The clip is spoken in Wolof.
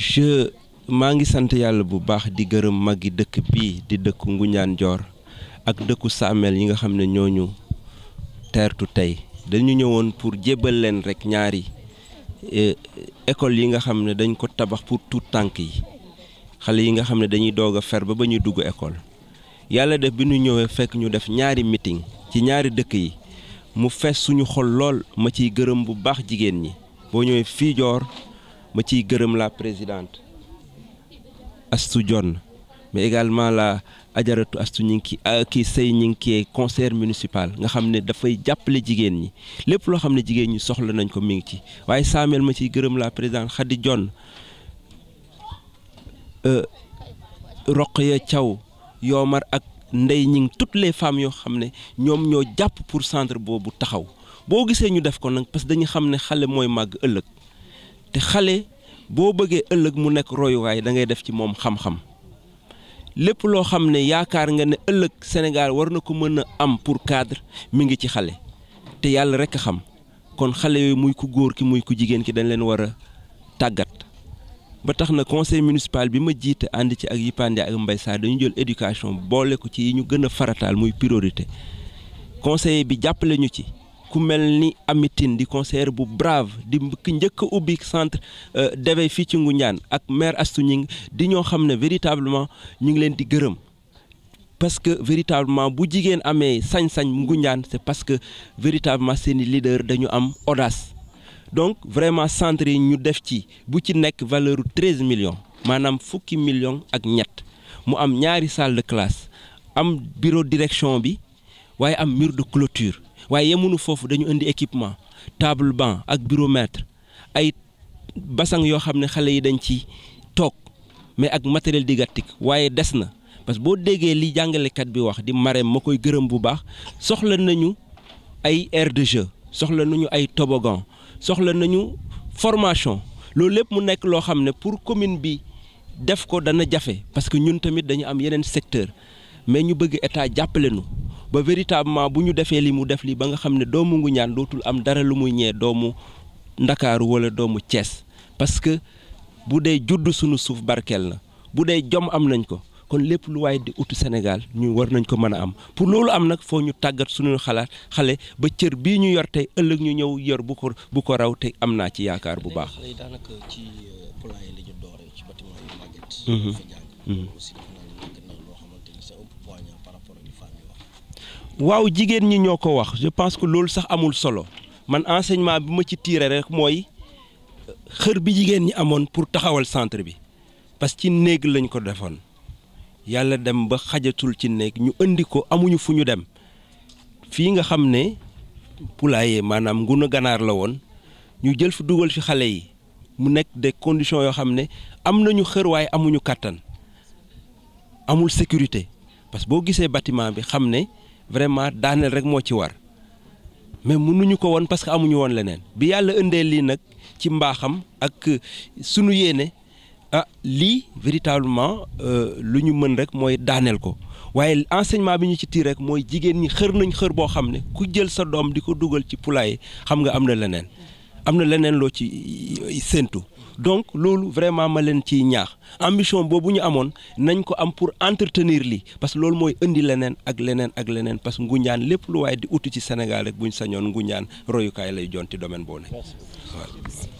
je maa ngi sant yàlla bu baax di gërëm magi dëkk bii di dëkk Ngoundiane Dior ak dëkku Samel yi nga xam ne ñoo ñu teertu tey dañu ñëwoon pour jébbal leen rek ñaari e, école yi nga xam ne dañ ko tabax pour tout tànk yi xale yi nga xam ne dañuy doog a fer ba ba ñuy dugg école yàlla def bi ñu ñëwee fekk ñu def ñaari mitin ci ñaari dëkk yi mu fees suñu xol lool ma ciy gërëm bu baax jigéen ñi boo ñëwee fii Dior ma ciy gërëm la présidente Astou Dione mais également la ajaratu astu ñi ngi kii euh, sëy ñi ngi conseil municipal nga xam ne dafay jàppale jigéen ñi lépp loo xam ne jigéen ñi soxla nañ ko mi ngi ci waaye saamel ma ciy gërëm la présidente Khady Dione euh, Rokhaya Thiaw Yomar ak Ndey ñi toutes les femmes yoo xam ne ñoom ñoo jàpp pour centre boobu taxaw boo gisee ñu def ko nag parce que dañu xam ne xale mooy màgg ëllëg te xale boo bëggee ëllëg mu nekk royuwaay da ngay def ci moom xam-xam lépp loo xam ne yaakaar nga ne ëllëg Sénégal war na ko mën a am pour cadre mi ngi ci xale te yàlla rekk xam kon xale yooyu muy ku góor ki muy ku jigéen ki dañ leen war a tàggat ba tax na conseil municipal bi ma jiite ànd ci ak Yipande ak Mbaye Sarr dañu jël éducation boole ko ci yi ñu gën a farataal muy priorité conseiller bi jàppale ñu ci ku mel ni Amitine di conseillère bu brave di ki njëkk a ubbi centre euh, d'éveil fii ci Ngoundiane ak maire Astou di ñoo xam ne véritablement ñu ngi leen di gërëm parce que véritablement bu jigéen amee sañ-sañ mu Ngoundiane c'est parce que véritablement seeni leader dañu am audace donc vraiment centre yi ñu def ci bu ci nekk valeur bu treize millions maanaam fukki million ak ñett mu am ñaari salle de classe am bureau direction bi waaye am mur de clôture. waaye yemunu foofu dañu indi équipement table banc ak buromètre ay basang yoo xam ne xale yi dañ ci toog mais ak matériel didactique waaye des na parce que boo déggee li jàngalekat bi wax di Marème ma koy gërëm bu baax soxla nañu ay aire soxla nañu ay toboggan soxla nañu formation loolu lépp mu nekk loo xam ne pour commune bi def ko dana jafe parce que ñun tamit dañu am yeneen secteur mais ñu bëgg état jàppale nu ba véritablement bu ñu defee li mu def li ba nga xam ne doomu ñaan dootul am dara lu mu ñee doomu Ndakaaru wala doomu cees parce que bu dee judd suñu suuf barkeel na bu dee jom am nañ ko kon lépp lu waaye di utu Sénégal ñu war nañ ko mën a am pour loolu am nag foo ñu tàggat suñu xalaat xale ba cër bii ñu yor tey ëllëg ñu ñëw yor bu bu ko raw te am naa ci yaakaar bu baax. waaw jigéen ñi ñoo ko wax je pense que loolu sax amul solo man enseignement bi ma ci tiire rek mooy xër bi jigéen ñi amoon pour taxawal centre bi parce que ci néeg lañ ko defoon yàlla dem ba xajatul ci néeg ñu indi ko amuñu fu ñu dem fii nga xam ne poulailler maanaam ngunu ganaar la woon ñu jël fi dugal fi xale yi mu nekk de conditions yoo xam ne am nañu xër waaye amuñu kàttan amul sécurité parce que boo gisee bâtiment bi xam ne vraiment daaneel rek moo ci war mais mënuñu ko woon parce que amuñu woon leneen bi yàlla indee lii nag ci mbaaxam ak sunu yéene ah lii véritablement euh, lu ñu mën rek mooy daaneel ko waaye ensegnement bi ñu ci tii rek mooy jigéen ñi xër nañ xër boo xam ne ku jël sa doom di ko dugal ci poulailler xam nga am na leneen am na leneen loo ci euh, séentu donc loolu vraiment ma leen ciy ñaax ambition boobu ñu amoon nañ ko am pour entretenir li parce que loolu mooy indi leneen ak leneen ak leneen parce que Ngoundiane lépp lu waaye di uti ci Sénégal rek bu ñu sañoon Ngoundiane royukaay lay jonti domaine boo ne